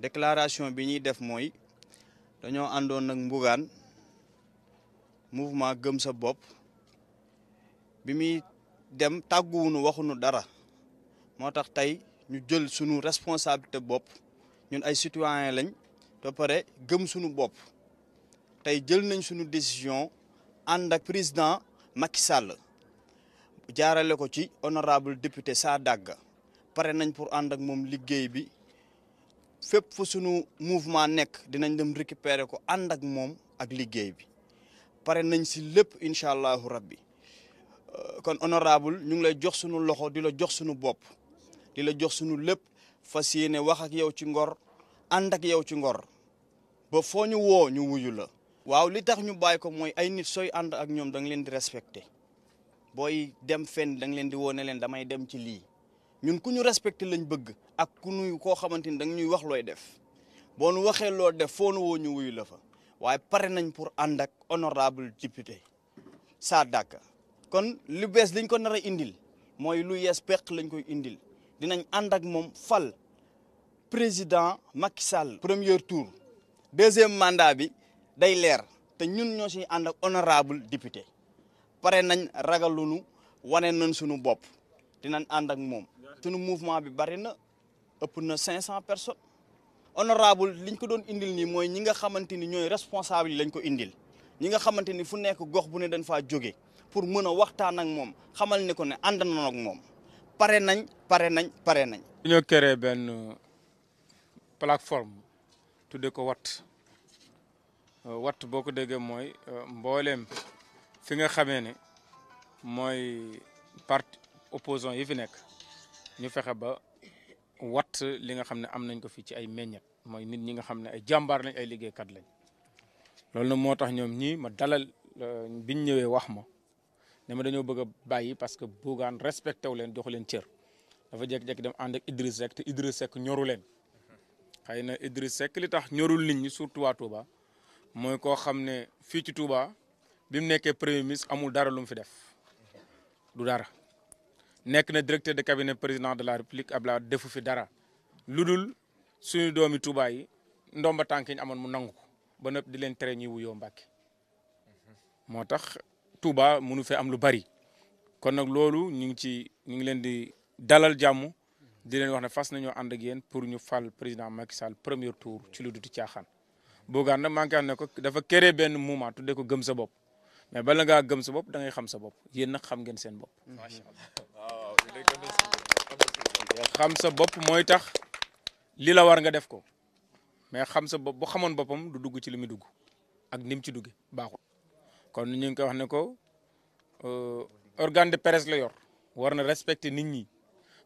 déclaration bi ñuy def mooy dañoo àndoon nag mbugaan mouvement gëm sa bopp bi muy dem tàgguwunu waxunu dara moo tax tey ñu jël sunu responsabilité bopp ñun ay citoyen lañ ba pare gëm sunu bopp tey jël nañ sunu décision ànd ak président Macky Sall jaarale ko ci honorable député sa Sadaga pare nañ pour ànd ak moom liggéey bi fépp fu sunu mouvement nekk dinañ dem récupérer ko ànd ak moom ak liggéey bi pare nañ si lépp incha allahu rabbi euh, kon honorable ñu ngi lay jox sunu loxo di la jox sunu bopp di la jox sunu lépp fas yéene wax ak yow ci ngor ànd ak yow ci ngor ba foo ñu woo ñu wuyu la. waaw li tax ñu bàyyi ko mooy ay nit sooy ànd ak ñoom da leen di respecté booy dem fenn da leen di woo leen damay dem ci lii. ñun ku ñu respecté lañ bëgg ak ku nuy koo xamante ni danga ñuy wax looy def boo nu waxee loo def foo nu woo ñu wuyu la fa waaye pare nañ pour ànd ak honorable député Sadaka kon lu bees liñ ko nar indil mooy lu yees peq lañ koy indil dinañ ànd ak moom fal président Macky Sall premier tour deuxième mandat bi day leer te ñun ñoo siy ànd ak honorable député pare nañ ragalunu wane nañ suñu bopp dinañ ànd ak moom. sunu mouvement bi bari na ëpp na cinq cent personnes honorable liñ ko doon indil nii mooy ñi nga xamante ni ñooy responsable lañ ko indil ñi nga xamante ni fu nekk gox bu ne dañ faa jóge pour mën a waxtaan ak moom xamal ne ko ne ànd na moom pare nañ pare nañ pare nañ. dañoo créé benn plateforme tuddee ko Watt euh, Watt boo ko déggee mooy euh, mbooleem fi nga xamee ne mooy part opposant yi fi nekk ñu fexe ba wat li nga xam ne am nañ ko fii ci ay meññet mooy nit ñi nga xam ne ay jàmbaar lañ ay liggéeykat lañ loolu na moo tax ñoom ñii ma dalal euh, biñ ñëwee wax ma ne ma dañoo bëgg a bàyyi parce que Bougane respecté wu leen joxu leen cër dafa jékki-jékki dem ànd ak Idriss Seck te Idriss Seck ñoru leen xëy na Idriss Seck li tax ñorul nit ñi surtout waa Touba mooy koo xam ne fii ci Touba bi mu nekkee premier amul dara lum fi def du dara. nekk na directeur de cabinet président de la république Abdoulaye defu fi dara lu dul suñu doomi Touba yi ndomba tànk amoon mu nangu ko ba nëpp di leen tere ñuy wuyoo Mbàkke moo tax Touba mënu fee am lu bari kon nag loolu ñu ngi ci ñu ngi leen di dalal jàmm di leen wax ne fas nañoo ànd ak yéen pour ñu fal président Macky Sall premier tour ci lu du caaxaan. Bougane nag maa ngi ne ko dafa créé benn mouvement tuddee ko gëm sa bopp mais bala ngaa gëm sa bopp da ngay xam sa bopp yéen nag xam ngeen seen bopp. xam sa bopp mooy tax li la war nga def ko mais xam sa bopp boo xamoon boppam du dugg ci li muy dugg ak ni mu ci duggee baaxul kon ñu ngi koy wax ne ko euh, organe de presse la yor war na respecter nit ñi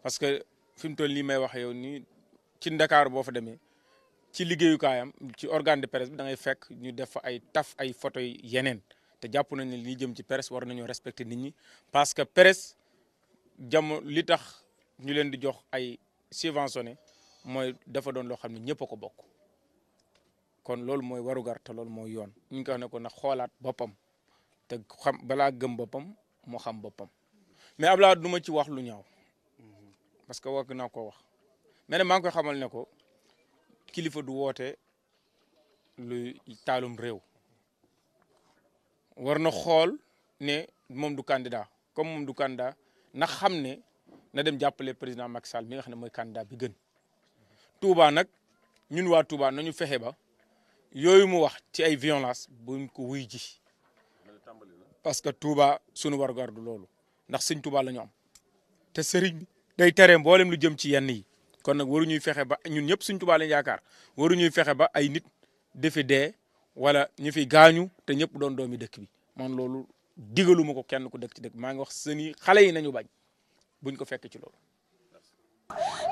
parce que fi mu toll nii may wax yow nii ci Ndakaaru boo fa demee ci liggéeyukaayam ci organe de presse bi da ngay fekk ñu def fa ay taf ay photo yeneen te jàpp nañ ne li jëm ci presse war nañoo respecter nit ñi parce que jamono li tax ñu leen di jox ay subventionné mooy dafa doon loo xam ne ñëpp ko bokk kon loolu mooy warugar te loolu mooy yoon ñu ngi ko wax ne ko nag xoolaat boppam te xam balaa gëm boppam mu xam boppam mais Abdoulaye du ma ci wax lu ñaaw parce que wax naa ko wax mais nag maa ngi koy xamal ne ko kilifa du woote luy taalum réew war na xool ne moom du candidat comme moom du candidat na xam ne na dem jàppale président Macky Sall mi nga xam ne mooy candidat bi gën Touba nag ñun waa Touba nañu fexe ba yooyu mu wax ci ay violence buñ ko wuy ji parce que Touba sunu wargar du loolu ndax sëñ Touba la ñu am te seriñ bi day tere mboolem lu jëm ci yenn yi kon nag waruñuy fexe ba ñun ñëpp sëñ Touba lañ yaakaar waruñuy fexe ba ay nit defi dee wala ñu fi gaañu te ñëpp doon doomi dëkk bi man loolu digaluma ko kenn ku dëkk ci dëkk maa ngi wax sëni xale yi nañu bañ buñ ko fekk ci loolu.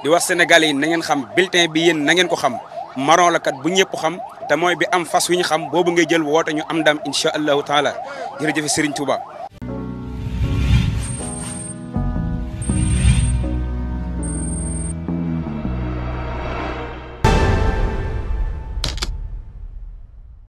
di wax sénégalais yi na ngeen xam bulletin bi yéen na ngeen ko xam marron la kat bu ñëpp xam te mooy bi am fas wi ñu xam boobu ngay jël woote ñu am ndam incha allahu taala jërëjëf Serigne Touba.